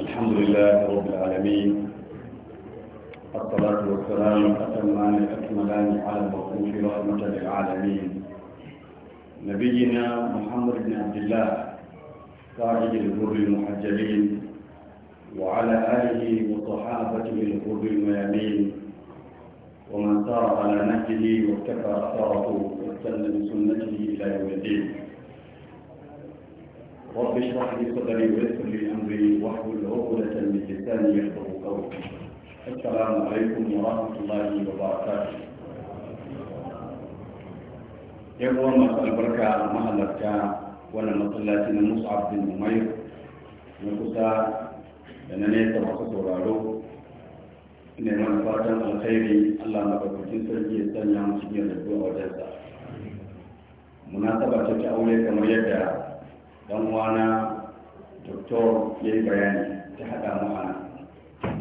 الحمد لله رب العالمين الصلاة والسلام أتمان أكملان على المبعوث رحمة للعالمين نبينا محمد بن عبد الله قائد الغر المحجلين وعلى آله وصحابته الغر الميامين ومن سار على نهجه واكتفى أثره واستنى بسنته إلى يوم الدين رب اشرح لي صدري ويسر لي امري واحلل عقدة من لساني يفقه قولي السلام عليكم ورحمة الله وبركاته يقول الله البركة المهلكة ولا مطلة مصعب بن نمير نقصى أنني توقفت ورعلو إن من فاتن الخير الله نبقى جنسل جيسان يعمل شبير لبوه ودسا مناسبة تتعولي كما يدعى dan wana doktor ya bayani ta hada mu ana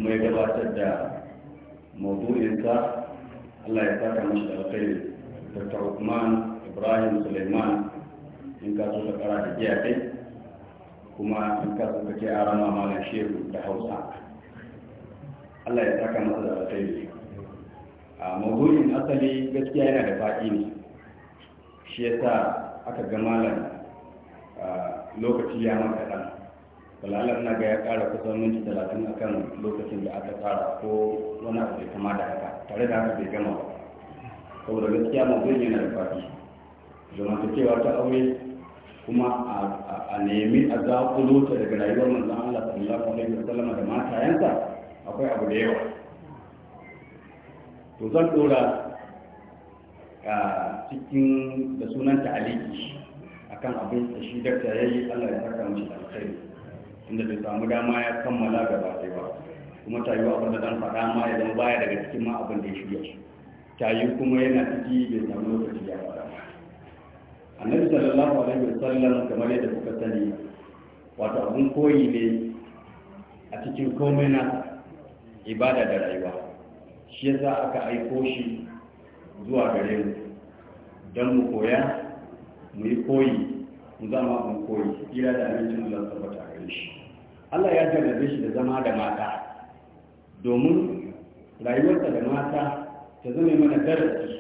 Mai gabatar da maudu'insa allah ya saka mashi da alkhairi dr usman ibrahim suleiman in ka so ka kara da giya kai kuma in ka so ka ke arama malam shehu da hausa allah ya saka masa da alkhairi a maudu'in asali gaskiya yana da fa'i ne shi sa aka ga malam lokaci ya maka ɗan walalar na ga ya ƙara kusan minti talatin akan lokacin da aka tsara ko wani abu da kama da haka tare da haka bai gama ba saboda gaskiya zai yana da fafi zamantakewa ta aure kuma a nemi a zaƙulo ta daga rayuwar manzan Allah sallallahu alaihi wasallam da matayensa akwai abu da yawa to zan dora cikin da sunanta aliki akan abin da shi dakta ya yi allah ya saka mashi da alkhairi inda bai samu dama ya kammala gaba ɗaya ba kuma ta yi abin da zan faɗa ma ya baya daga cikin ma abin da ya shirya shi ta yi kuma yana ciki bai samu lokaci ya faɗa annabi sallallahu alaihi wasallam kamar yadda kuka sani wato abin koyi ne a cikin komai na ibada da rayuwa shi yasa aka aiko shi zuwa gare mu don mu koya mu yi koyi mu zama mu koyi ira da amincin Allah tabbata gare shi Allah ya jarrabe shi da zama da mata domin rayuwarsa da mata ta zama mana darasi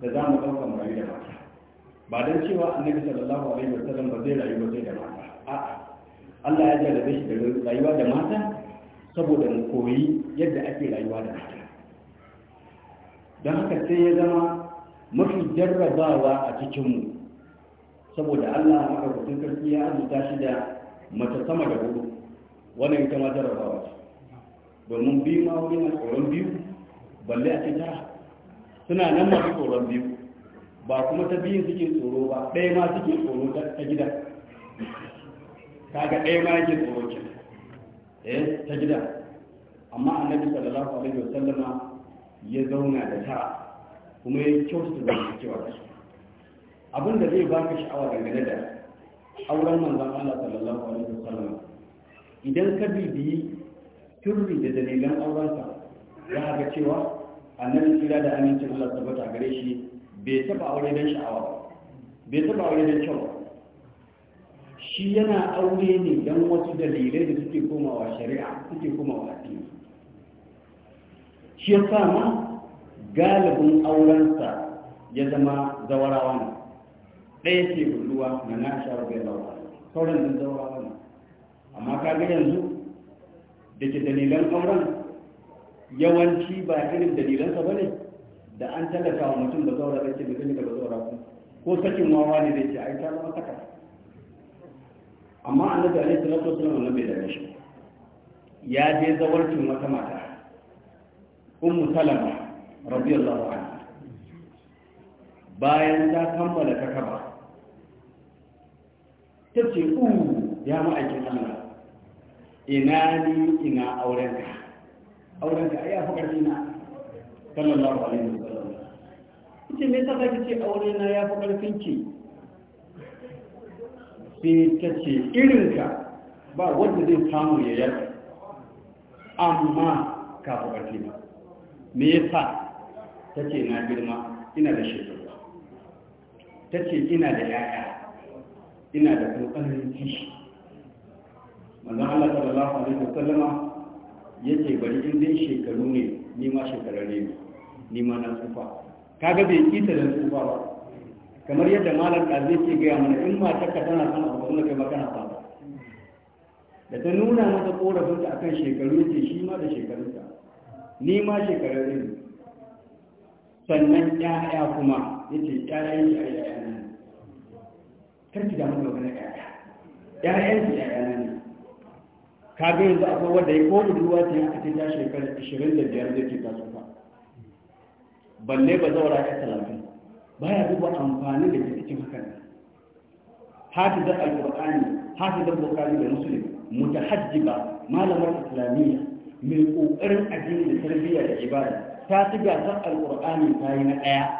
da za mu ɗauka mu rayu da mata ba don cewa annabi sallallahu alaihi wa sallam ba zai rayu ba sai da mata a'a Allah ya jarrabe shi da rayuwa da mata saboda mu koyi yadda ake rayuwa da mata don haka sai ya zama mafi jarrabawa a cikinmu saboda Allah madaukakin sarki ya azuta shi da mace sama da hudu wannan ita ma jarabawa ce domin biyu ma wuri na tsoron biyu balle a ce tara suna nan masu tsoron biyu ba kuma ta biyun suke tsoro ba ɗaya ma suke tsoro ta gida kaga ɗaya ma yake tsoro ke eh ta gida amma annabi sallallahu alaihi wasallama ya zauna da tara kuma ya kyautata zamantakewa da su abin da zai baka sha'awa dangane da auren manzan Allah sallallahu alaihi wasallam idan ka bibiyi turri da dalilan aurensa za ka ga cewa annabi tsira da amincin Allah tabbata gare shi bai taba aure dan sha'awa bai taba aure dan kyau shi yana aure ne dan wasu dalilai da suke komawa shari'a suke komawa addini shi ya sa ma galibin aurensa ya zama zawarawa ne ɗaya ke ruwa na na sha rubai lawa sauran sun zaura wani amma ka ga yanzu da ke dalilan auren yawanci ba irin dalilansa ba ne da an tallata wa mutum da zaura zai ce da zai daga zaura ku ko sakin wawa ne zai ce ai ta zama kaka amma annabi alaihi salatu wasallam wannan bai dame shi ya je zawarcin wata mata ummu salama radiyallahu anha bayan ta kammala ta kaba ta ce u ya ma'aikin Allah ina ni ina aurenka aurenka ai afi karfi na sallallahu alaihi wasallam ita me ta kake ce aure na ya fi karfin ki sai ta ce irinka ba wanda zai samu ya yarda amma ka fi karfi na me yasa ta ce na girma ina da shekaru ta ce ina da yaya ina da kuma kishi manzon Allah sallallahu alaihi wasallama yace bari in dai shekaru ne ni ma shekaru ne ni ma na tsufa kaga bai kita da tsufa ba kamar yadda malam kazi ke ga mana in matarka kana son abu kuma kai magana ba da ta nuna mata korafinta akan shekaru ne shi ma da ta ni ma shekaru ne sannan ƴaƴa kuma yace ƴaƴan yi ayyana Kar karki da mun magana ƴaƴa ƴaƴan ki ƴaƴana ne ka ga yanzu akwai wanda ya ko budurwa ce aka ce ta shekara 25 zai ce ta tsufa balle ba zaura ya talatin baya duba amfani da ke cikin hakan hafizar alkur'ani hafizar bukari da musulmi mutahajjiba malamar islamiyya mai kokarin addini da tarbiyya da ibada ta ci gasar alkur'ani ta yi na ɗaya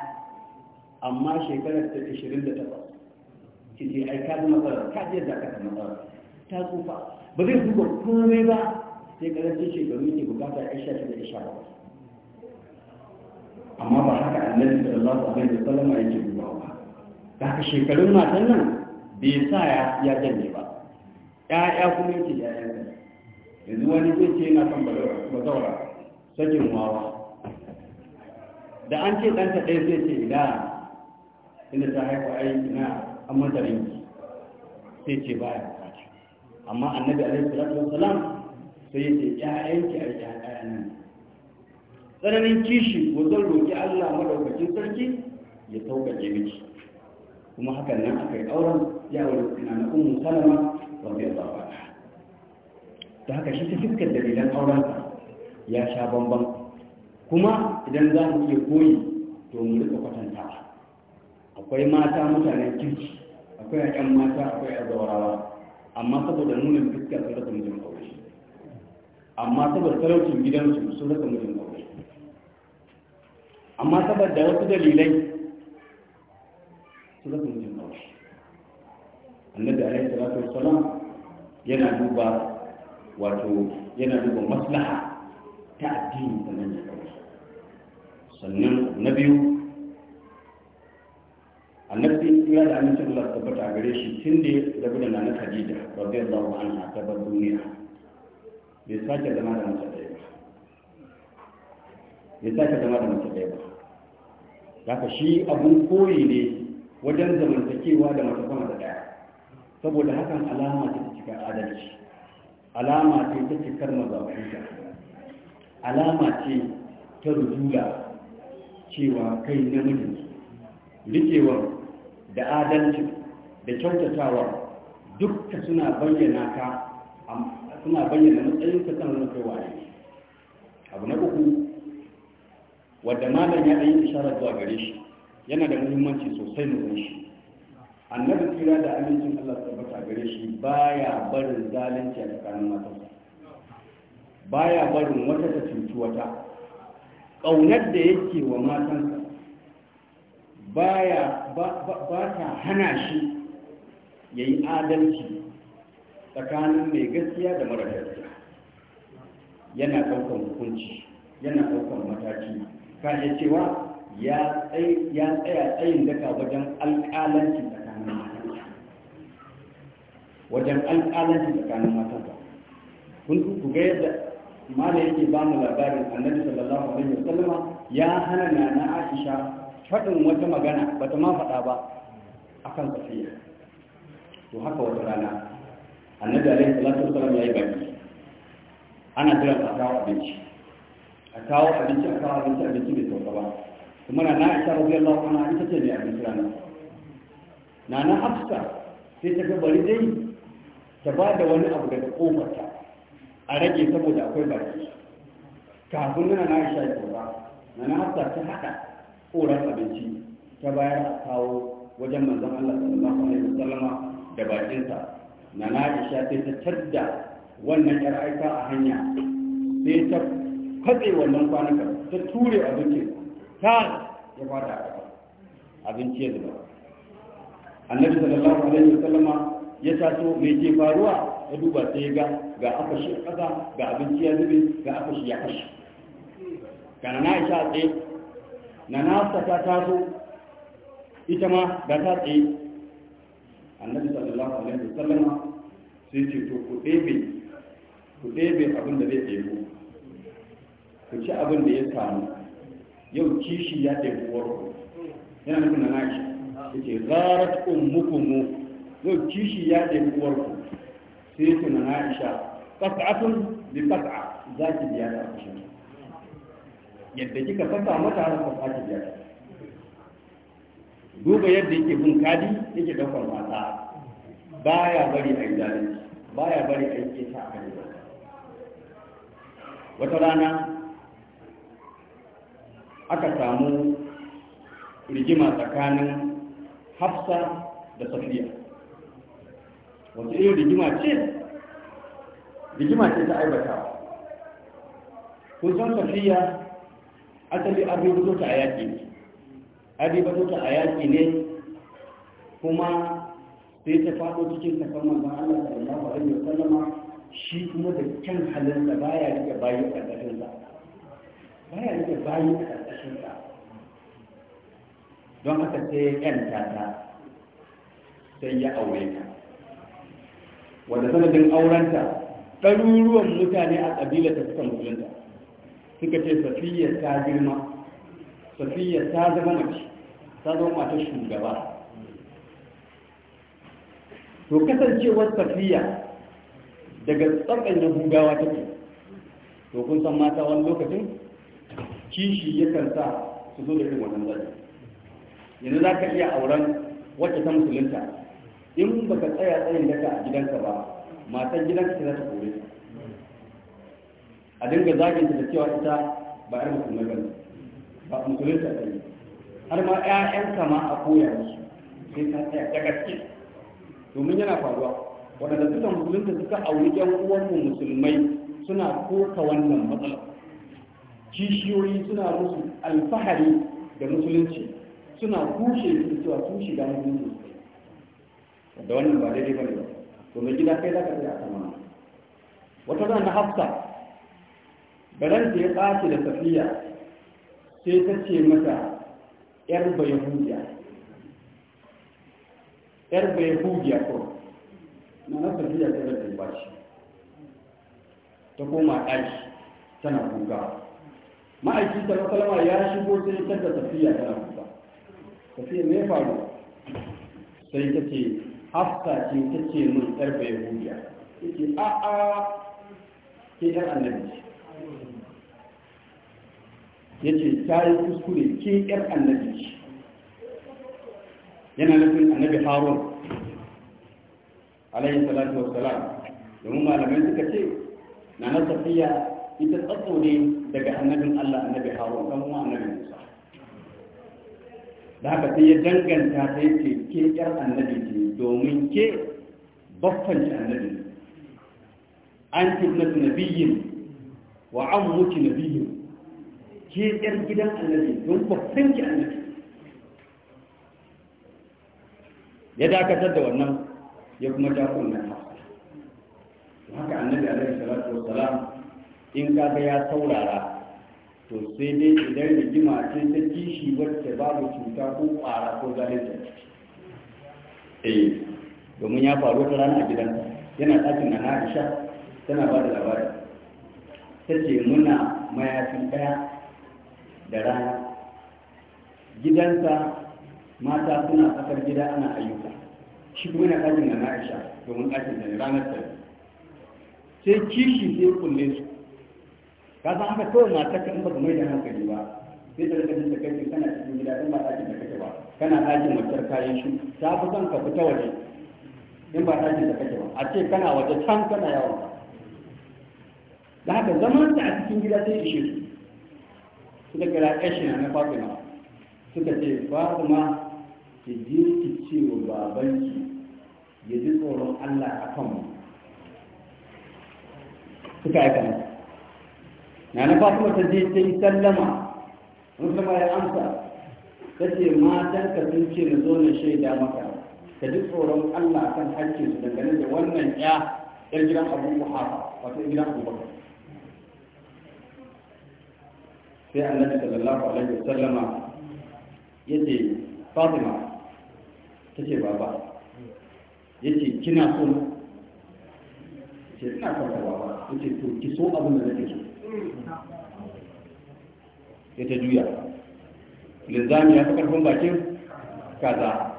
amma shekarar ta 28 ki ce ai ka ji matsalar ka ji yadda ka matsalar ta tsufa ba zai duba komai ba sai karancin shekaru yake bukata ya sha da isha ba amma ba haka annabi sallallahu alaihi wa sallam yake duba ba da haka shekarun matan nan bai sa ya ya janye ba ya'ya kuma yake da ya'ya yanzu wani zai ce yana kan bazaura sakin wawa da an ce ɗanta ɗaya zai ce ina inda ta haifa ai ina an mata rinki sai ce baya bukata amma annabi alaihi salatu wassalam sai yace ƴaƴanki a ƴaƴa nan tsananin kishi ko zan roki Allah madaukakin sarki ya sauƙaƙe miki kuma hakan nan aka yi auren yawon na na ummu salama wanda ya ta haka shi ta fuskar dalilan aurensa ya sha bambam kuma idan za mu iya koyi to mu rika kwatantawa akwai mata mutanen kirki akwai a mata akwai a zaurawa amma saboda nunin fuska sun rasa mijin aure amma saboda talaucin gidansu sun rasa mijin kawai amma saboda wasu dalilai sun rasa mijin kawai annabi alaihi salatu wassalam yana duba wato yana duba maslaha ta addini sannan ya sannan na biyu annabi ya da amincin Allah tabbata a gare shi tun da ya rabu da nana Khadija radiyallahu anha ta bar duniya bai sake zama da mace ɗaya ba bai sake zama da mace ɗaya ba haka shi abun koyi ne wajen zamantakewa da mace kuma da ɗaya saboda hakan alama ce ta cikar adalci alama ce ta cikar mazaɓuta alama ce ta rujula cewa kai namiji rikewar da adalci da kyautatawa dukka suna bayyana ka suna bayyana matsayin ka kan wani kai waye abu na uku wadda malam ya yi isharar zuwa gare shi yana da muhimmanci sosai mu san shi annabi kira da amincin Allah tabbata gare shi baya barin zalunci a tsakanin matansa baya barin wata ta cuci wata ƙaunar da yake wa matansa baya ba ta hana shi ya yi adalci tsakanin mai gaskiya da mara gaskiya yana ɗaukar hukunci yana ɗaukar mataki ka iya cewa ya tsaya tsayin daka wajen alƙalancin tsakanin matansa wajen alƙalancin tsakanin matansa kun ku ga yadda mala yake ba mu labarin annabi sallallahu alaihi wasallama ya hana na na aisha faɗin wata magana ba ta ma faɗa ba a kan tafiya to haka wata rana annabi alaihi salatu wasalam ya yi baki ana jiran a kawo abinci a kawo abinci a kawo abinci abinci mai sauka ba kuma na na'isha radiyallahu ana ita ce mai abinci rana na na hafsa sai ta ga bari dai ta ba da wani abu daga kofarta a rage saboda akwai baki kafin nuna na isa ya sauka na na hafsa ta haɗa koran abinci ta bayar a kawo wajen manzan Allah sallallahu alaihi wasallama da bakinsa na na isha sai ta tadda wannan yar aika a hanya sai ta katse wannan kwanukan ta ture abinci ta ya fada a abinci ya zuba annabi sallallahu alaihi wasallama ya tato mai ke faruwa ya duba sai ga ga afashi a ƙasa ga abinci ya zube ga afashi ya kashi ga na isha sai. na nasa ta taso ita ma da ta tsaye annabi sallallahu alaihi wasallama sai ce to ku ɗebe ku ɗebe abin da zai ɗebo ku ci abin da ya samu yau kishi ya ɗebi warko yana nufin na nashi yake zarat ummukumu yau kishi ya ɗebi warko sai ku na na'isha qat'atun bi qat'a zaki biya da kashin yadda kika saka mata har ka sake biya duba yadda yake bin kadi yake daukar wasa baya bari a yi zalunci baya bari a yi keta a kan wata rana aka samu rigima tsakanin hafsa da safiya wasu irin rigima ce rigima ce ta aibata kun san safiya asali an zo ta a yaƙi ne an ta a yaƙi ne kuma sai ta faɗo cikin kafan manzon Allah da alaihi wa sallama shi kuma da kyan ba ya rike bayi a ƙarƙashin sa ya rike bayi a ƙarƙashin sa don haka sai ƴan ta sai ya aure ta wanda sanadin aurenta ɗaruruwan mutane a ƙabilar ta suka musulunta suka ce safiya ta girma safiya ta zama mace ta zama mata shugaba to kasancewar safiya daga tsakan yahudawa take to kun san mata wani lokacin kishi ya sa su zo da irin wannan zai yanzu za ka iya auren wacce ta musulunta in baka tsaya tsayin daga a gidanka ba matan gidanka za ta kore a dinga zagin da cewa ita ba yar musulmai ba ba musulmai ta yi har ma ƴaƴan kama a koya musu sai ta tsaya ta gaske domin yana faruwa waɗanda suka musulunta suka auri ƴan mu musulmai suna koka wannan matsala kishiyoyi suna musu alfahari da musulunci suna kushe su cewa sun shiga musulunci da wannan ba daidai ba ne ba domin gida kai za ka tsaya a sama wata zan na hafsa da ya ɓace da tafiya sai ta ce mata ‘yar bayahudiya ‘yar bayahudiya ko na na tafiya ta rarrabe ba shi ta koma ɗaki tana kuka ma'aiki ta masalama ya shigo sai ta da tafiya tana kuka Tafiya me faru sai ta ce hafsa ce ta ce min ‘yar bayahudiya ta ce a'a ke ‘yar annabi ya ce ta yi kuskure ke yar annabi ce yana nufin annabi harun alayhi salatu wa salam domin malamai suka ce na na tafiya ita tsatso ne daga annabin allah annabi harun kan kuma annabi musa da haka sai ya danganta ta yake ke yar annabi ce domin ke baffan annabi an ce na nabiyin wa na biyu ke yar gidan annabi don babban ki annabi ya dakatar da wannan ya kuma ja kunnan hafsa haka annabi alaihi salatu wassalam in kaga ya saurara to sai dai idan rigima ce ta kishi wacce babu cuta ko ƙwara ko zalunta eh domin ya faru ta rana a gidansa yana ɗakin na Aisha tana ba da labarin ta ce muna mayafi ɗaya da rana gidansa mata suna kasar gida ana ayyuka shi kuma yana ɗakin da na'isha domin ɗakin da ranar ta sai kishi sai kulle su ka san haka kawai mata kan ba mai da hankali ba sai da rikacin da kai kana cikin gida in ba ɗakin da kake ba kana ɗakin matar kayan shi ta fi son ka fita waje in ba ɗakin da kake ba a ce kana waje can kana yawon ba da haka zaman ta a cikin gida sai ishe su suka kira ƙashina na fatima suka ce fatima ki je ki ce wa babanki ya ji tsoron allah a kanmu suka aika masa na na fatima ta je ta yi sallama musulma ya amsa ta ce matan ka sun ce na zo na shaida maka ka ji tsoron allah kan hakkinsu dangane da wannan ya yar gidan abu muhafa wato gidan abubakar sai annabi sallallahu alaihi wasallama yace fatima tace baba yace kina so ce ina son ka baba yace to ki so abin da nake so ya ta juya linzami ya fi karfin bakin kaza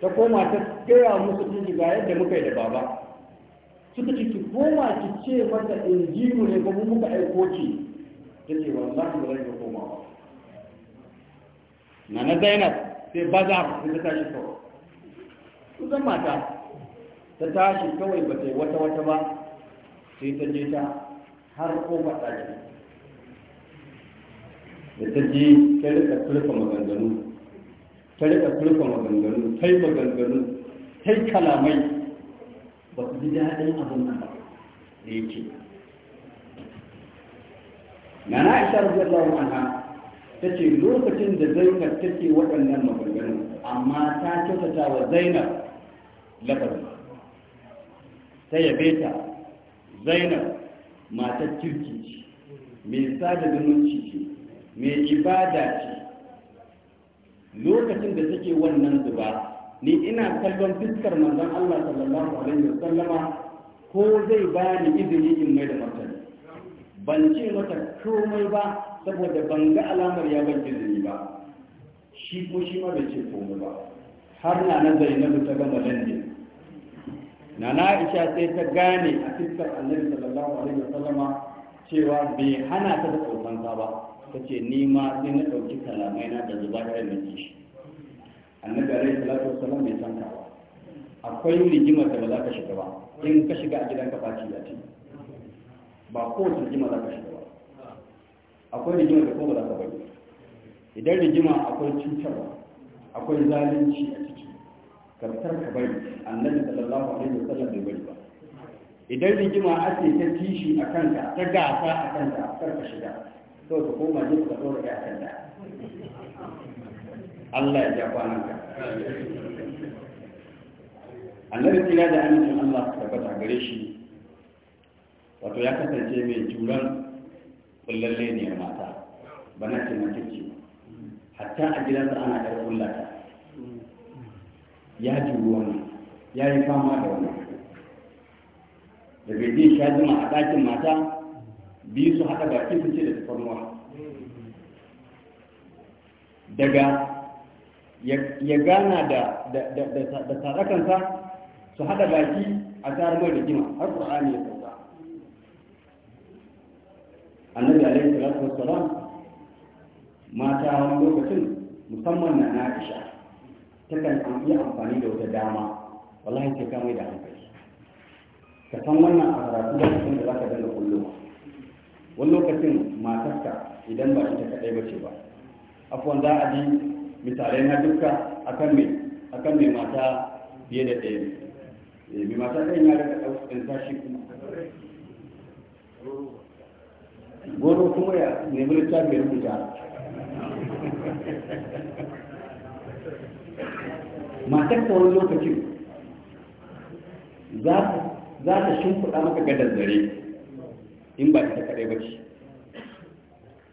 ta koma ta gaya musu cin ga yadda muka yi da baba suka ce ki koma ki ce mata injiru ne ba mu muka aiko ki sai ce wallahi ba zan iya komawa na na zainab sai baza sai ta tashi kawai kusan mata ta tashi kawai ba sai wata wata ba sai ta je ta har ko ba kofar ɗaki da ta je ta rika turka maganganu ta rika turka maganganu ta yi maganganu ta yi kalamai ba su ji daɗin abin nan ba da yake na na aisha radiyallahu ta ce lokacin da zainab take waɗannan maganganu amma ta kyautata wa zainab lafazi ta yabe ta zainab matar kirki ce mai sada zumunci ce mai ibada ce lokacin da take wannan zuba ni ina kallon fiskar manzon Allah sallallahu alaihi wasallama ko zai bani izini in mai da martani ban ce mata komai ba saboda ban ga alamar ya ban izini ba shi ko shi ma bai ce komai ba har na na zainabu ta gama lalle na na aisha sai ta gane a fiskar annabi sallallahu alaihi wasallama cewa bai hana ta da kautanta ba ta ce ni ma sai na ɗauki kalamai na da zuba ya na kishi annabi alaihi salatu wasallam bai san ka ba akwai rigimar da ba za ka shiga ba in ka shiga a ba faci ya ce ba kowace rigima za ka shiga ba akwai rigima da kuma za ka bari idan rigima akwai cutarwa akwai zalunci a ciki karkar ka bari annabi sallallahu alaihi wasallam bai bari ba idan rigima ake ta tishi a kanka ta gasa a kanka kar ka shiga kawai ka koma je ka tsora ka kanta, Allah ya ja kwananka annabi kira da amincin Allah ka tabbata gare shi wato ya kasance mai juran kullalle ne mata bana ce mace ce hatta a gidansa ana ɗar kullata ya ji wani ya yi fama da wani daga jin sha zama a ɗakin mata biyu su haɗa baki su ce da tafarnuwa daga ya gana da sadakansa su haɗa baki a tsarin da jima har ƙur'ani ya sauka annabi alaihi salatu wassalam mata wani lokacin musamman na Aisha takan yi amfani da wata dama wallahi sai ka da hankali ka san wannan a karatu da cikin da zaka danga kullum wani lokacin matarka idan ba ita kadai bace ba afwan za a ji misalai na duka akan me akan me mata biye da ɗaya ne eh, mai mata ɗaya ya daga ɗan tashi goro kuma ya nemi littafi ya rubuta matar ta wani lokacin za ta shimfiɗa maka gadar zare in ba ta kaɗai ba ce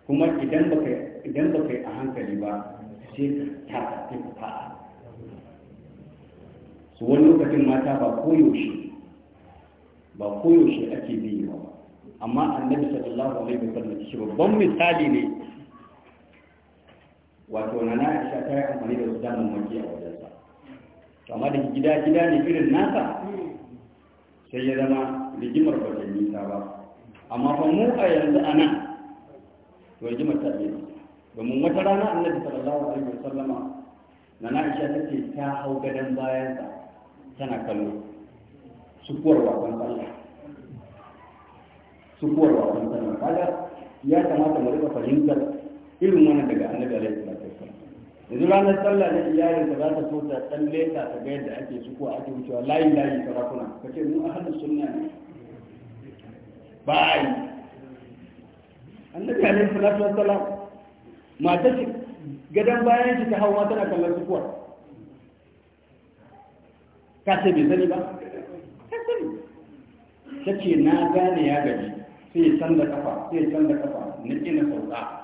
kuma idan ba ka yi a hankali ba sai ta ta fa'a su wani lokacin mata ba koyaushe ba koyaushe ake biyu ba amma annabi sallallahu alaihi wasallam shi babban misali ne wato na na aisha ta yi amfani da wasu damar maki a wajensa to amma da gida gida ne irin nasa sai ya zama rigimar ba nisa ba amma fa mu a yanzu a nan to rigimar ta ne domin wata rana annabi sallallahu alaihi sallama na na aisha ta ce ta hau gadon bayansa tana kallo sukuwar wakon sallah su kuwa ba san sanin kaga ya kamata mu rika fahimtar irin wannan daga annabi alaihi salatu wasallam yanzu ranar sallah ne iyalin ka za ta so ta tsalle ta ta ga yadda ake su kuwa ake wucewa layi layi sarakuna ce mu ahlus sunna ne bai annabi alaihi salatu wasallam mata ce gadon bayan shi ta hau hawa tana kallon su kuwa ka ce bai sani ba ka sani ta ce na gane ya gaji sai da kafa sai da kafa na ƙina sauka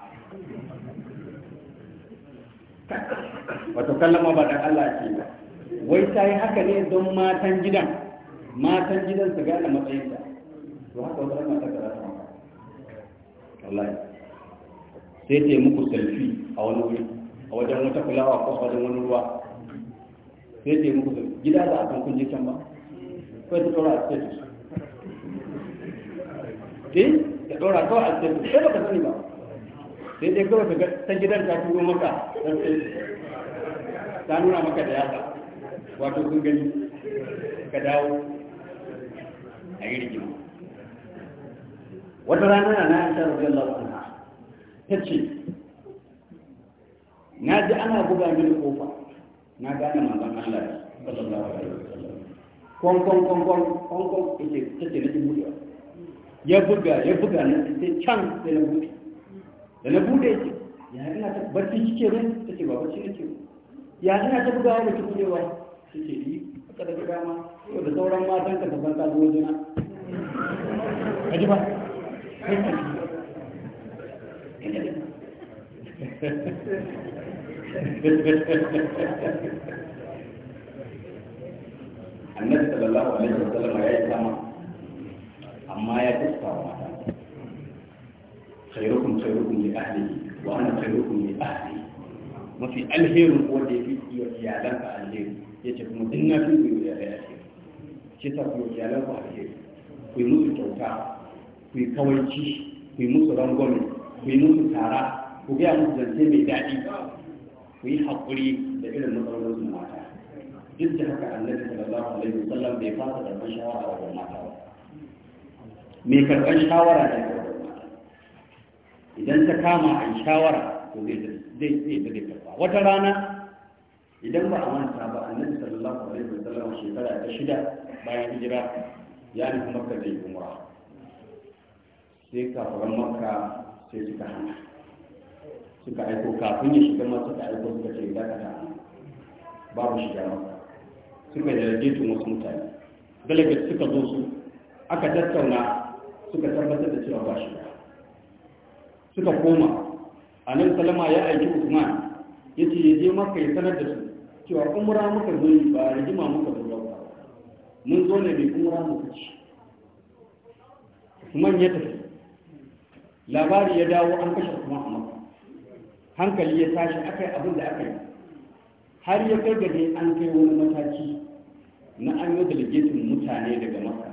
wato kallama ba da Allah ke ba wai ta yi haka ne don matan gidan matan gidan su gane ta to haka wata rana ta kara sama wallahi sai ta yi muku selfie a wani wuri a wajen wata kulawa ko a wajen wani ruwa sai ta yi muku gida za a kan kun je can ba kai ta tsora a cikin eh da ɗora kawai a cikin sai sani ba sai dai kawai ta gidan ta turo maka ta nuna maka da yasa wato sun gani ka dawo a yi rigima wata rana na ta ce na ji ana buga mini kofa na gane Allah ita ce na ya buga ya buga nan sai can da na buɗe da na buɗe ya ce ya ina ta barci shi ke ne ta ce ba barci ce ya ina ta buga ya da ki buɗewa ta ce ni aka da dama ko da sauran matan ka tabbata ta zuwa jina a ji ba annabi sallallahu alaihi wasallam ya yi sama amma ya fuska wa mata khairukum khairukum li ahlihi wa ana khairukum li ahli mafi alherin ko da yafi iya iyalan ka alheri ce kuma din na fi ku iyalan alheri ce ta ku iyalan ku alheri ku yi musu kyauta ku yi kawaici ku yi musu rangwami, ku yi musu tara ku gaya musu zance mai daɗi ku yi haƙuri da irin matsalolin mata duk da haka annabi sallallahu alaihi wasallam bai fasa karɓar shawara daga mata ba mai karɓar shawara da idan ta kama a shawara to zai zai zai karɓa wata rana idan ba a manta ba annabi sallallahu alaihi wasallam shekara ta shida bayan hijira ya nufi makka zai umra sai kafaran makka sai suka hana suka aiko kafin ya shiga ma suka aiko suka ce za ka hana babu shiga makka suka yi delegatin wasu mutane dalibis suka zo su aka tattauna suka tabbatar da cewa ba shi suka koma a nan salama ya aiki usman ya ce ya je maka ya sanar da su cewa umra muka zo ba rigima muka zo ba mun zo ne mai umra muka ci usman ya tafi labari ya dawo an kashe usman a maka hankali ya tashi akai abin da aka yi har ya kai gari an kai wani mataki na an yi delegatin mutane daga maka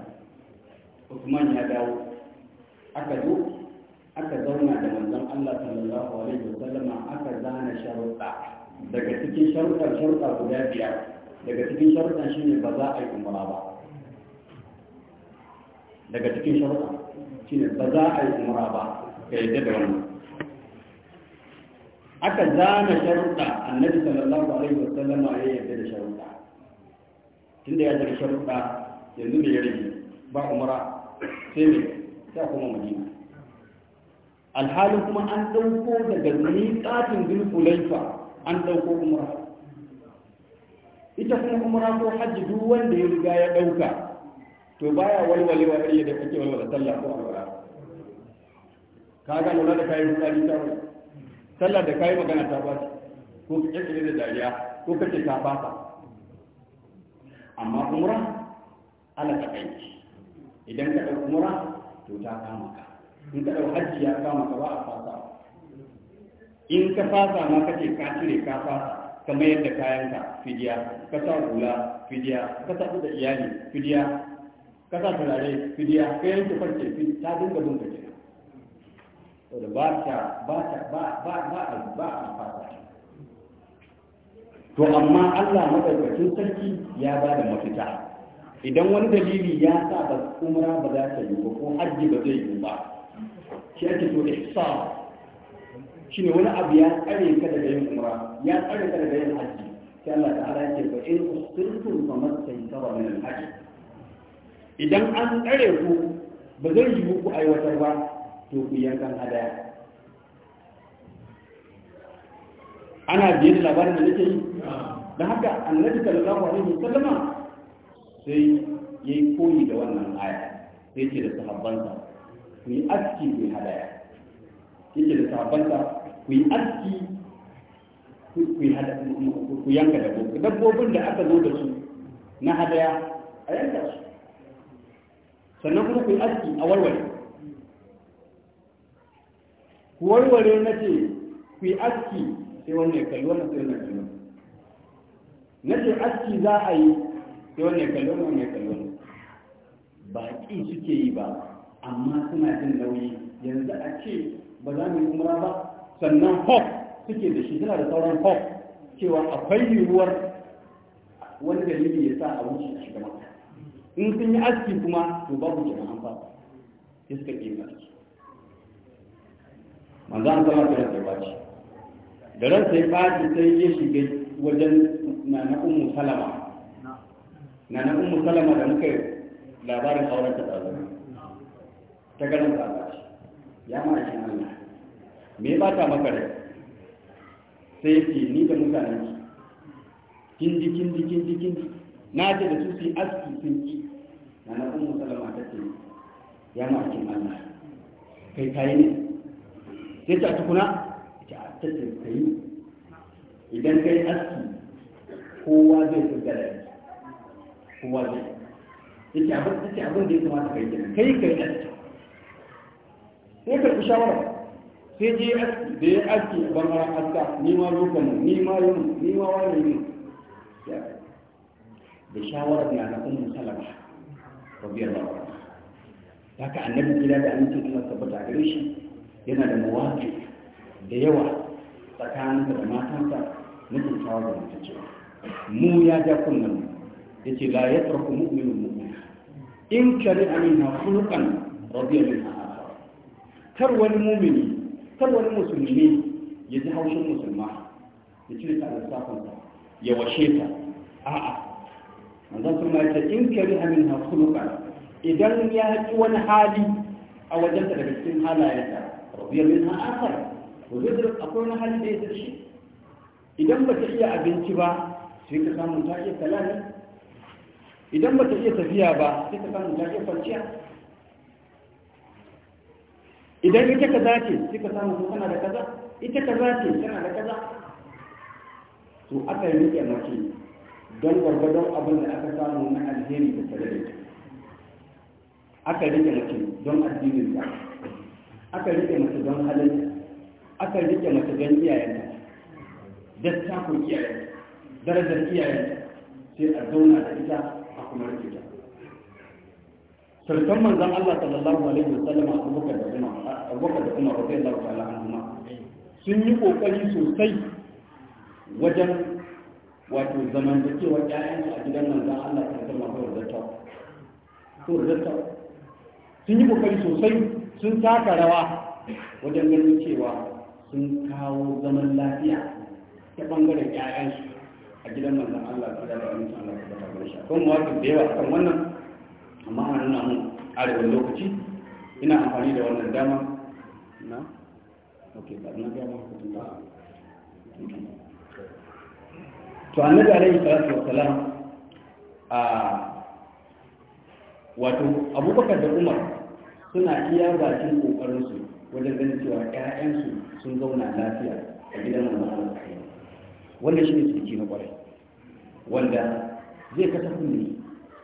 usman ya dawo aka zo aka zauna da manzon Allah sallallahu alaihi wasallama aka zana sharuɗa daga cikin sharuɗan sharuɗa guda biyar daga cikin sharuɗan shine ba za a yi umra ba daga cikin sharuɗa shine ba za a yi umra ba ga yadda da wannan aka zana sharuɗa annabi sallallahu alaihi wasallama ya yarda da sharuɗa tunda ya daga sharuɗa yanzu da ya rage ba umra sai ne sai kuma madina alhalin kuma an ɗauko daga miƙatin zulfulaifa an ɗauko umra ita kuma umra ko hajji duk wanda ya riga ya ɗauka to baya walwalewa har da kake walwala sallah ko alwala ka ga lura da kayan tsari ta sallah da kayan magana ta ba ko ka kike da dariya ko kake ta fasa amma umra ala kai idan ka ɗauki umra to ta kama ka in ka dau hajji ya kama ka ba a fasa in ka fasa ma kace ka cire ka fasa ka mayar da ka fidiya ka sa hula fidiya ka sa da iyali fidiya ka sa turare fidiya ka yanke farce ta dinga dinga gaji da ba ta ba ta ba ba ba a ba a fata to amma Allah madaukakin sarki ya ba da mafita idan wani dalili ya sa ba umra ba za ta yi ba ko hajji ba zai yi ba shi ake to shi ne wani abu ya tsare ka daga yin umra ya tsare ka daga yin hajji sai Allah ta'ala yake ba in ba fa mastaykara min al hajji. idan an tsare ku ba zai yi ku aiwatar ba to ku yankan hadaya ana biye da labarin da nake yi da haka annabi sallallahu alaihi wasallama sai ya yi koyi da wannan aya sai ce da sahabbanta ku yi aski ku yi hadaya ce da sahabbanta ku yi aski ku yanka dabbobi dabbobin da aka zo da su na hadaya a yanka su sannan kuma ku yi aski a warware ku warware na ce ku yi aski sai wannan kalli wannan sai wannan na ce aski za a yi sai wanne kallo ne wanne kallo ne ba ƙi suke yi ba amma suna jin nauyi yanzu a ce ba za mu yi umra ba sannan hop suke da shi suna da sauran hop cewa akwai yiwuwar wani dalili ya sa a wuce a shiga maka in sun yi aski kuma to babu jama'an fata sai suka ƙi aski manzo an zama da ya baci da ran sai faɗi sai ya shiga wajen na na ummu salama na nan ummu salama da muka labarin auren ta tsazo ta ganin tsaba ya ma shi Allah me ba ta maka rai sai yake ni da mutanen ki kin kindi kin kindi na ce da su su aski sun ki na nan ummu salama ta ce ya ma shi Allah kai kai ne sai ta tukuna ta ta kai idan kai aski kowa zai tsugara kowa ne yake abin yake abin da ya kamata kai kenan kai kai aski sai ka ku shawara sai je da ya aski ban bangaren aska ni ma lokacin ni ma yau ni ma wani ne da shawarar na na ummu salama rabiyar bawa ka annabi gida da an aminci kuma tabbata gare shi yana da mawaƙi da yawa tsakaninsa da matansa na kyakkyawa da mutuncewa mu ya ja kunnen mu yace la yatraku mu'minun mu'mina in kari amina khuluqan radiya minha kar wani mumini kar wani musulmi ne ya ji haushin musulma ya cire ta lissafin ya washe ta a'a manzon sun ma ce in kari amina khuluqan idan ya ji wani hali a wajen ta daga cikin halayenta radiya minha akhar to zai akwai wani hali da ya shi idan ba ta iya abinci ba sai ka samu ta iya talani idan ba ta iya tafiya ba sai ka samu ta iya kwanciya idan ita ka zace sai ka samu ko tana da kaza ita ka zace tana da kaza to aka yi rike mace don gwargwadon abin da aka samu na alheri da tare da ita aka rike mace don addinin ta aka rike mace don halinta aka rike mace don iyayenta dattakun iyayenta darajar iyayenta sai a zauna da ita kuma rike ta sultan manzon Allah sallallahu alaihi wasallam abubakar da umar abubakar da umar radiyallahu ta'ala anhuma sun yi kokari sosai wajen wato zamantakewar ƴaƴansu a gidan manzan Allah sallallahu alaihi wasallam ko sun yi kokari sosai sun taka rawa wajen ganin cewa sun kawo zaman lafiya ta bangaren su a gidan manzan Allah ta da aminci Allah ta daga gare shi akwai mawaki da yawa akan wannan amma a nuna mun arewa lokaci ina amfani da wannan dama na ok ba na gama kuma ba to annabi alayhi salatu wa salam a wato abubakar da umar suna iya bakin kokarinsu wajen ganin cewa 'ya'yansu sun zauna lafiya a gidan manzan Allah wanda shi ne ciniki na kwarai wanda zai kasa kunne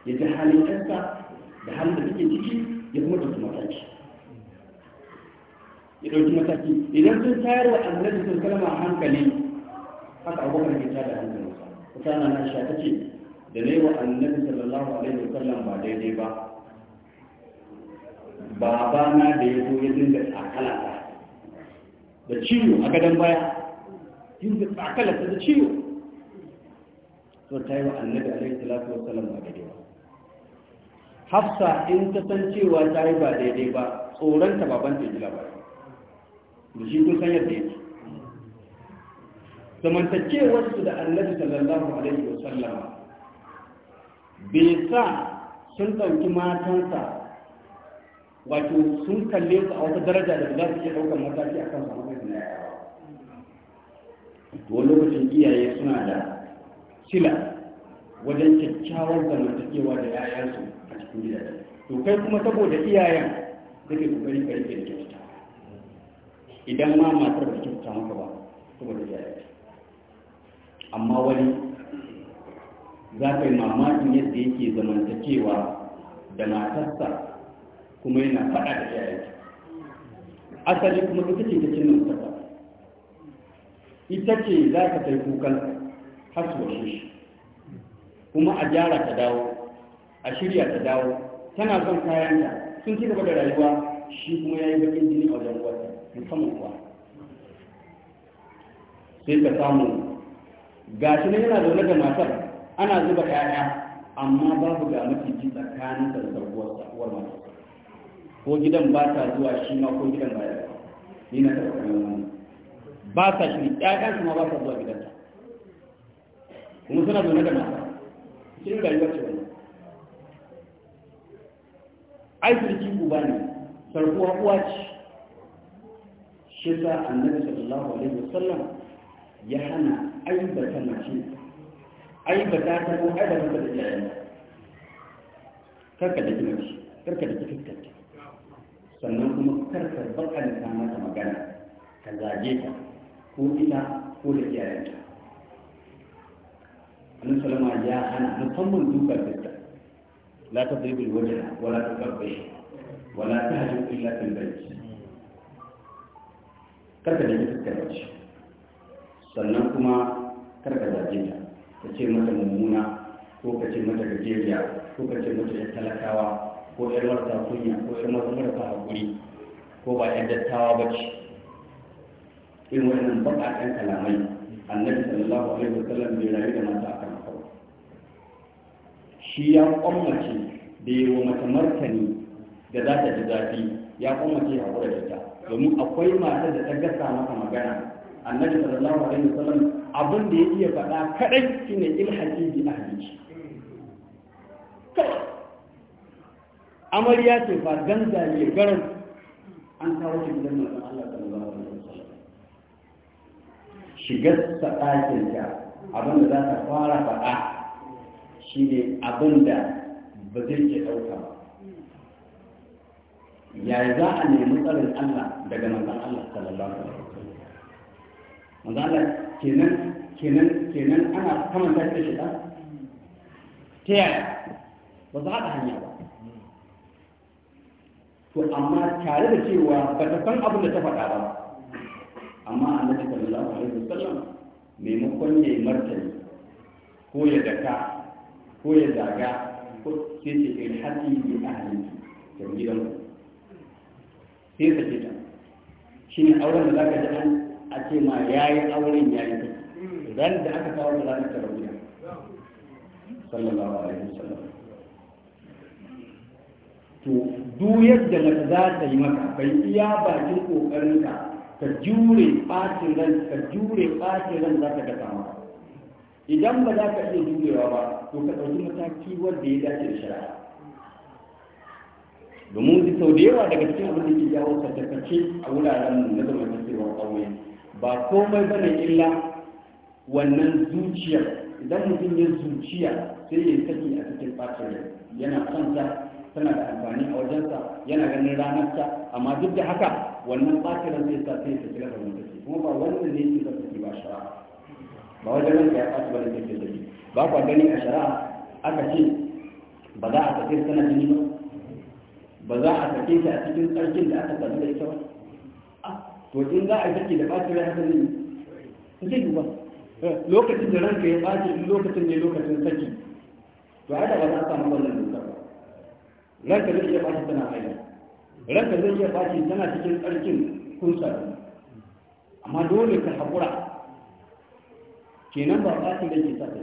ya ji halin ƙasa da halin da suke ciki ya kuma ɗauki mataki ya ɗauki mataki idan sun tayar wa annabi sun kalma hankali haka abubakar ke tada hankali kusa na na sha ta ce da ne wa annabi sallallahu alaihi wa sallam ba daidai ba babana da ya zo ya dinga tsakala da ciwo a gadon baya jirgin tsakalarta da ciwo So ta yi wa annabi alaihi salatu wa salam ba daidai ba hafsa in ta san cewa ta yi ba daidai ba tsoron ta baban ta ji labari da shi kun san yadda yake su da annabi sallallahu alaihi wa sallama bai sa sun ɗauki matansa wato sun kalle su a wata daraja da za su iya ɗaukar mataki a kan samun na yawa wani lokacin iyaye suna da sila wajen kyakkyawar zamantakewa da 'ya'yansu a cikin gida to kai kuma saboda iyayen kake kokari ka rike da kyauta idan ma matar ba kyauta maka ba saboda iyayen amma wani za ka yi mamakin yadda yake zamantakewa da matarsa kuma yana faɗa da iyayen asali kuma duk ce ta cin ita ce za ka kai kukan har su washe shi kuma a gyara ta dawo a shirya ta dawo tana son kayanta sun ci gaba da rayuwa shi kuma ya yi bakin jini a wajen wata musamman kuwa sai ka samu ga shi ne yana zaune da matar ana zuba kaya amma babu ga maciji tsakanin da sabuwar matar ko gidan ba ta zuwa shi ma ko gidan ba ya ni na taɓa kallon wani ba sa shiri ƴaƴan su ma ba sa zuwa gidanta kuma suna zaune da mata cikin rayuwar ce wannan ai sarki uba ne sarkuwa uwa ce shi sa annabi sallallahu alaihi wasallam ya hana aibata mace aibata ta ko aibata da iyayen karka da gina shi karka da kifiskanta sannan kuma karka bakanta mata magana ka zage ta ko ita ko da iyayenta annabi salama ya hana musamman dukar fitta la ta zai bil wajen wala ta karbe wala ta hajji illa fil bayt karka da yi fitta wace sannan kuma karka da jita ka ce mata mummuna ko ka ce mata gajeriya ko ka ce mata yan talakawa ko yar marasa kunya ko yar marasa hakuri ko ba yan dattawa ba ce irin wannan baƙaƙen kalamai annabi sallallahu alaihi wa wasallam bai rayu da mata akan haka ba shi ya kwammace da yi wa mata martani da za ta ji zafi ya kwammace a kura da ita domin akwai mata da ta gasa maka magana annabi sallallahu alaihi wasallam abin da ya iya faɗa kaɗai shine ilhaki bi ahlici amarya ce ba ganza ne garin an kawo shi gidan manzon Allah sallallahu alaihi wa sallam. Shiga shigar ta abin da za ta fara faɗa shi ne abin da ba zai ke ɗauka ba yaya za a nemi tsarin Allah daga manzan Allah sallallahu alaihi wasallam manzan Allah kenan kenan kenan ana kamanta da shi ta yaya ba za a hanya ba to amma tare da cewa ba ta san abin da ta faɗa ba amma a sallallahu alaihi sallama maimakon ya yi martani ko ya daka ko ya zaga ko sai ce kai hadi bi ahli ta gidan sai ka ce ta ne auren da zaka ji an a ce ma yayi auren yayi ta ran da aka kawo da ranar tarbiyya sallallahu alaihi wasallam to duk yadda mace za ta yi maka bai iya bakin kokarinka ka jure ɓacin ran ka jure ɓacin ran za ka ga sama idan ba za ka iya jurewa ba to ka ɗauki mataki wanda ya dace da shari'a domin sau da yawa daga cikin abin da ke jawo tattakace a wuraren mu na zamantakewar ƙauye ba komai ba na illa wannan zuciya idan mutum ya zuciya sai ya saki a cikin ɓacin ran yana son ta tana da amfani a wajensa yana ganin ta amma duk da haka wannan ɓacin ran zai sa sai ya tafi lafazin take kuma ba wannan ne yake zaka ke ba shara'a ba wajen ranka ya ɓaci ba da take da ba kwa gani a shara'a aka ce ba za a tafi sana jini ba ba za a tafi ta a cikin tsarkin da aka sadu da ita ba to in za a take da ɓacin ran haka ne zai ba eh, lokacin da ranka ya ɓaci lokacin ne lokacin saki to ai da ba za a samu wannan dokar ba ranka zai iya fashi tana haini ranka zai iya fashi tana cikin tsarkin kunsa amma dole ka haƙura kenan ba ɓacin da ke sa ta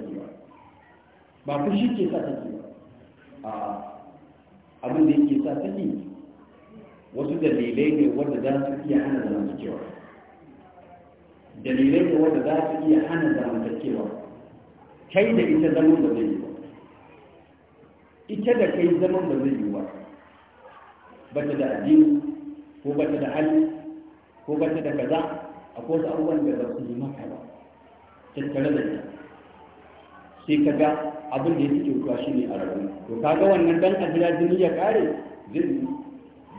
ba ba fushi ke sa ta ba abin da yake sa ta wasu dalilai ne wanda za su iya hana zamantakewa dalilai ne wanda za su iya hana zamantakewa kai da ita zama da zai ita da kai zaman ba zai yi ba, ba ta da addini ko ba ta da hali ko ba ta da kaza a wasu abubuwan da ba su yi maka ba tattare da ita sai ka ga abin da ya fi kuwa shi ne a rabu to ga wannan dan ajira jini ya kare zai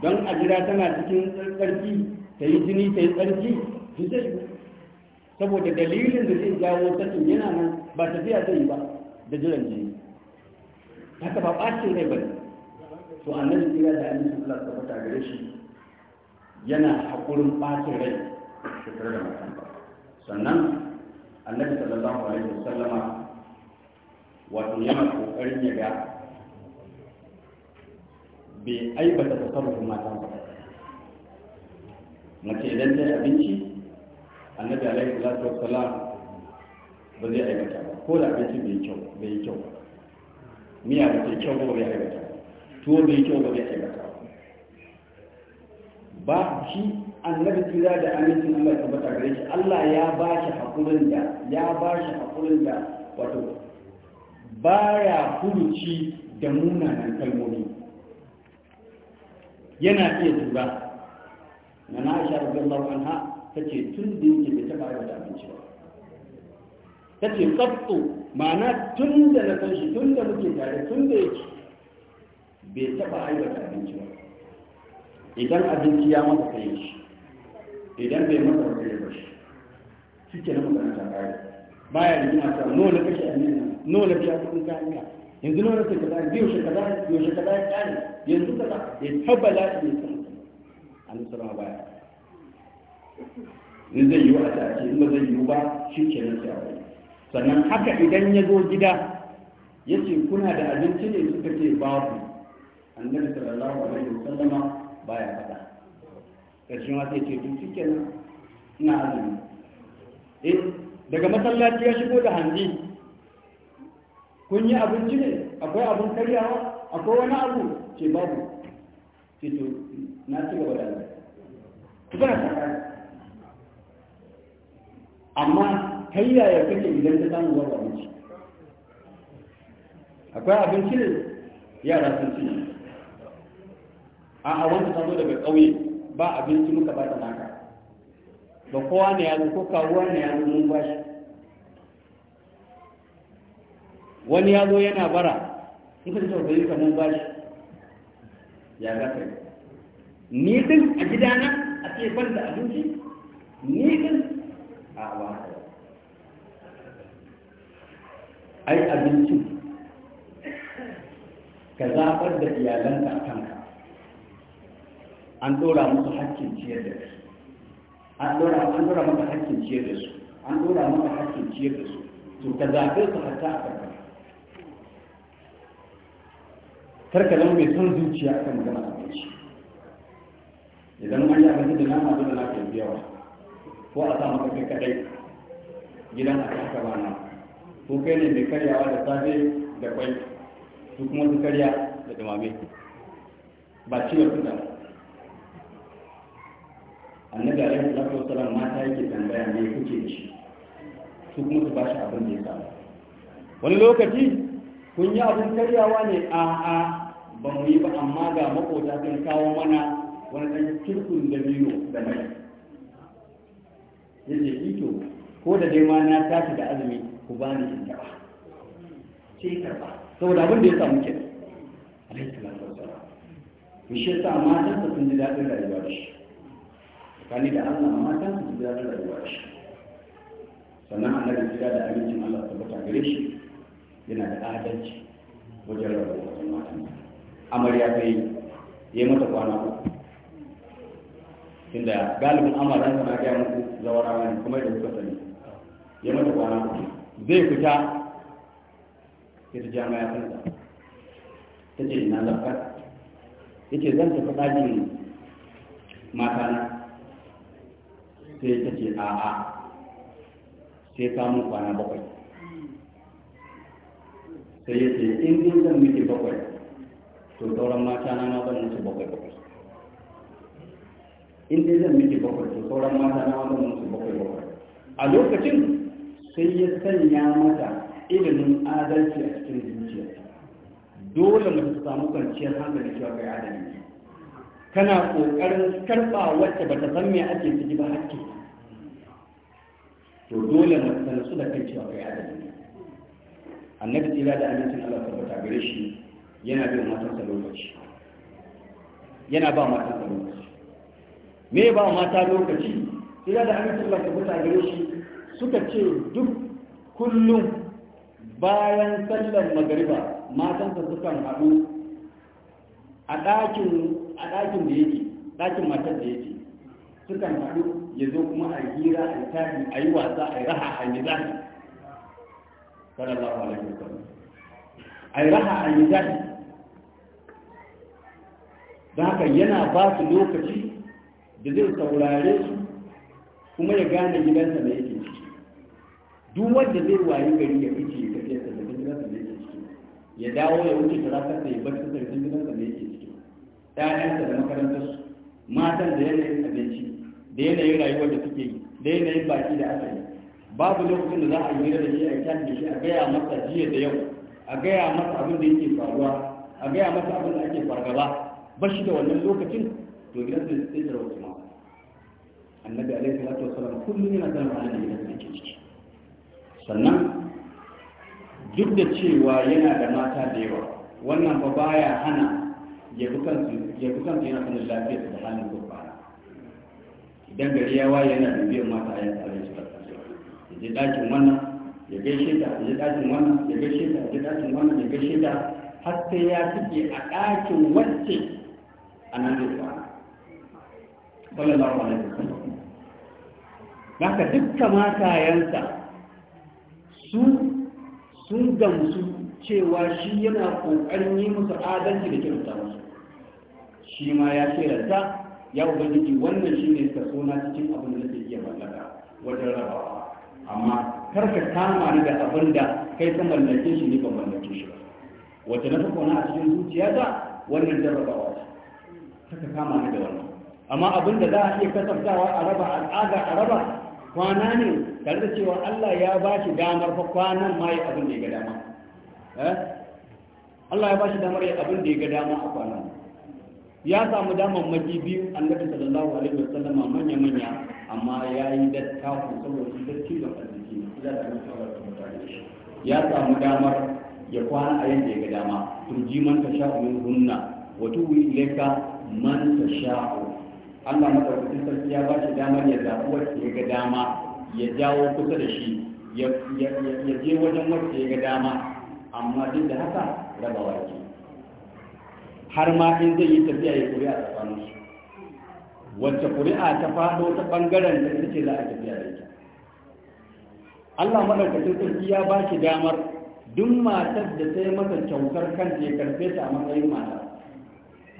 don ajira tana cikin tsarki ta yi jini ta yi tsarki duk zai saboda dalilin da zai jawo sakin yana nan ba tafiya zai yi ba da jiran jini haka ba ɓacin rai ba to annabi kira da annabi Allah ta gare shi yana haƙurin ɓacin rai tare da matan ba sannan annabi sallallahu alaihi wasallama wato yana kokarin ya ga bai aibata tasarrufin matan ba mace idan ta yi abinci annabi alaihi salatu wassalam ba zai aikata ba ko da abinci bai kyau bai kyau miya da ke kyau ba bai haibata tuwo mai kyau ba bai haibata ba shi annabi tsira da amincin Allah ta bata gare shi Allah ya ba shi hakurin da ya ba shi hakurin da wato baya furuci da munanan kalmomi yana iya tura na na aisha rabbi Allah anha tace tun da yake bai taba da abinci ba ta ce tsatsu ma'ana tun da na san shi tun da muke tare tun da yake bai taɓa aibata abinci ba idan abinci ya masa kai shi idan bai masa kai ba shi shi na magana ta kare baya da na ta nola kashe amina nola biya kuɗin kariya yanzu nola ta kaza biyu shi kaza biyu shi kaza ya kare yanzu ba ya tabbala shi ne sama an sama baya in zai yi wa a ce in ba zai yi ba shi ke nan sai a wani sannan haka idan ya zo gida ya ce kuna da abinci ne suka ce babu annabi sallallahu alaihi sallama baya faɗa ƙarshe ma sai ce duk cikin ina azumi eh daga masallaci ya shigo da hanji kun yi abinci ne akwai abin karyawa akwai wani abu ce babu ce to na ci gaba da ku amma kai yaya kake idan ta samu babu abinci akwai abincin yara sun ci a a wanda ta zo daga ƙauye ba abinci muka ba ta naka ba kowa ne ya zo ko kawuwa ne ya zo mun ba shi wani ya zo yana bara muka ji tausayi ka mun ba shi ya za ka yi ni din a gidana a ce ban da abinci ni din a ba ai abincin ka zaɓar da iyalanka a kanka an ɗora musu hakkin ciyar da su an ɗora an ɗora maka hakkin ciyar da su an ɗora maka hakkin ciyar da su to ka zaɓe su hatta a kanka karka zama mai son zuciya a kan magana abinci idan an yi abinci da nama dole na kai biyawa ko a sa maka kai kadai gidan a kasa ba nama ko kai ne mai karyawa da safe da kwai su kuma su karya da dumame ba ciwon suka annabi alaihi wasu wasallam mata yake tambaya ne kuke da shi su kuma su bashi abin da ya samu wani lokaci kun yi abin karyawa ne a a ba mu yi ba amma ga makota sun kawo mana wani ɗan kirkun da biyu da mai yake ito ko da dai ma na tashi da azumi ku ba ni in karɓa sai karɓa saboda abin da ya samu ke ta salatu wasalam to shi yasa matan sa sun ji daɗin rayuwa da shi kani da Allah matan sa sun ji daɗin rayuwa da shi sannan annabi kira da amincin Allah ta tabbata gare shi yana da adalci wajen rabuwa wajen matan amarya ta yi ya yi mata kwana uku Inda galibin amaran sana gaya muku zawarawa ne kuma da kuka sani ya mata kwana uku zai fita ita ta jama ya kansa ta ce ina zafar ya ce zan tafi ɗakin mata na sai ta ce a'a sai kamun kwana bakwai sai ya ce in din zan miki bakwai to sauran mata na ban musu bakwai bakwai in dai zan miki bakwai to sauran mata na ban musu bakwai bakwai a lokacin sai ya sanya mata ilimin adalci a cikin zuciyarta dole mu samu kwanciyar hankali cewa kai adalci kana kokarin karba wacce bata san me ake ciki ba hakki to dole mu san su da kan cewa kai adalci annabi tsira da amincin Allah tabbata gare shi yana bin matansa lokaci yana ba matansa lokaci me ba mata lokaci tsira da amincin Allah tabbata gare shi suka ce duk kullum bayan sallar magariba matansa sukan haɗu a ɗakin a ɗakin da yake ɗakin matar da yake sukan haɗu ya zo kuma a hira a yi tafi a yi wasa a yi raha a yi zafi sallallahu alaihi wasallam a yi raha a yi zafi don haka yana ba su lokaci da zai saurare su kuma ya gane gidansa da yake duk wanda zai wayi gari ya fice ya tafiya da sarkin gidansa da yake ciki ya dawo ya wuce tarakarsa ya bar sarkin gidansa da yake ciki ɗayansa da makarantar su matan da yanayin abinci da yanayin rayuwar da suke yi da yanayin baki da aka yi babu lokacin da za a yi da shi a kyan da shi a gaya masa jiya da yau a gaya masa abin da yake faruwa a gaya masa abin da ake fargaba ba shi da wannan lokacin to gidan da sai da wasu ma annabi alaihi salatu wasalam kullum yana zama a gidan da yake ciki sannan duk da cewa yana da mata da yawa wannan ba baya hana ya fi kansu yana sanin lafiya da halin gurba idan gari ya waye yana bibiyar mata a a yanzu shi ya je ɗakin wannan ya gaishe ta ya je ɗakin wannan ya gaishe ta ya je ɗakin wannan ya gaishe ta har sai ya fice a ɗakin wacce a nan zai kwana sallallahu alaihi wasallam haka duk kamata yansa su sun gamsu cewa shi yana ƙoƙarin yi musu adalci da kyauta musu shi ma ya ta, ya ubangiji wannan shi ne kaso cikin abin da nake iya mallaka wajen rabawa amma kar ka kama ni da abin da kai ka mallake shi ne ban mallake shi ba wata na na a cikin zuciya ta wannan jarrabawa rabawa kar ka kama ni da wannan amma abin da za a iya kasantawa a raba al'ada a raba kwana ne tare da cewa Allah ya ba shi damar fa kwanan ma ya abin da ya ga dama eh? Allah ya ba shi damar ya abin da ya ga dama a kwanan ya samu damar maji biyu annabi sallallahu alaihi wasallama manya manya amma ya yi dattaku saboda dattin da arziki ne da ta mutuwa ya samu damar ya kwana a yanda ya ga dama turji man sha'u min hunna wa tuwi ilayka man ta sha'u Allah madaukakin sarki ya ba shi damar ya zaɓi wacce ya ga dama ya jawo kusa da shi ya je wajen wacce ya ga dama amma duk da haka raba ke har ma in zai yi tafiya ya kuri'a tsakanin su wacce ƙuri'a ta faɗo ta ɓangaren da suke ce za a tafiya da ita Allah madaukakin sarki ya ba shi damar duk matar da ta yi masa kyautar kanta ya karfe ta a matsayin mata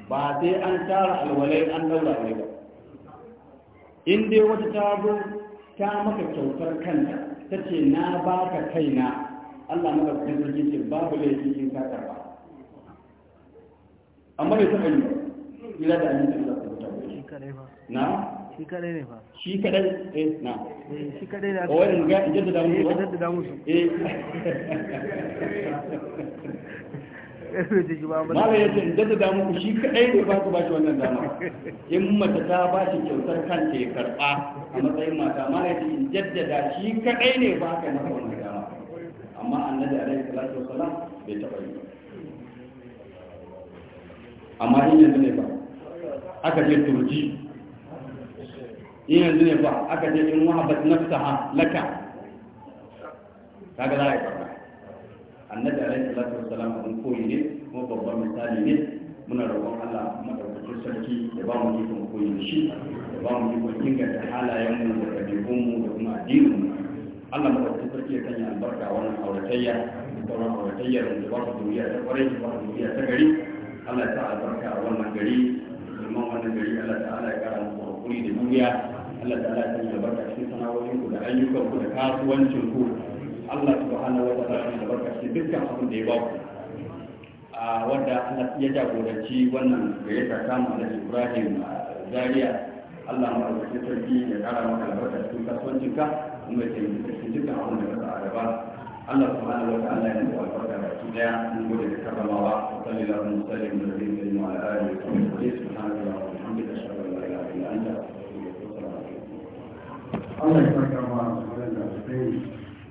ba sai an tara alwalai an daura ne ba in dai wata ta zo ta maka kyautar kanta ta ce na ba ka kaina Allah maka kudin sarki ce babu laifin in ka karba amma bai taɓa yi ba ila da amince Allah ta na shi kadai ne ba shi kadai eh na eh, shi kadai da aka wani ga ne ba jaddada musu eh mala yace in dada da muku shi kaɗai ne ba ku ba shi wannan dama in mata ta ba shi kyautar kanta ya karɓa a matsayin mata mala yace in jaddada shi kaɗai ne ba ka na wannan dama amma annabi alaihi salatu wasalam bai taɓa yi amma in yanzu ne ba aka je turji in yanzu ne ba aka je in wahabat nafsaha laka kaga za a yi ba annabi alaihi salatu wassalam abin koyi ne kuma babban misali ne muna roƙon Allah madaukakin sarki ya ba mu ikon koyi da shi ya ba mu ikon inganta halayen mu da ɗabi'un mu da kuma addinin mu Allah madaukakin sarki ya sanya albarka wannan auratayya sauran auratayyar da ba su duniya ta kwarai ba su duniya ta gari Allah ya ta albarka a wannan gari musulman wannan gari Allah ta'ala ya kara muku hakuri da duniya Allah ta'ala ya sanya albarka cikin sana'o'inku da ayyukanku da kasuwancinku Allah subhanahu wa ta'ala shi da barka shi dukkan abin da ya ba ku a wanda ya jagoranci wannan ta samu da Ibrahim Zaria Allah ma sarki ya kara maka albarka cikin kasuwancin ka kuma ya dukkan abin da ka sa a gaba Allah subhanahu wa ta'ala ya nuna albarka da su daya mun gode da karramawa sallallahu alaihi da subhanahu wa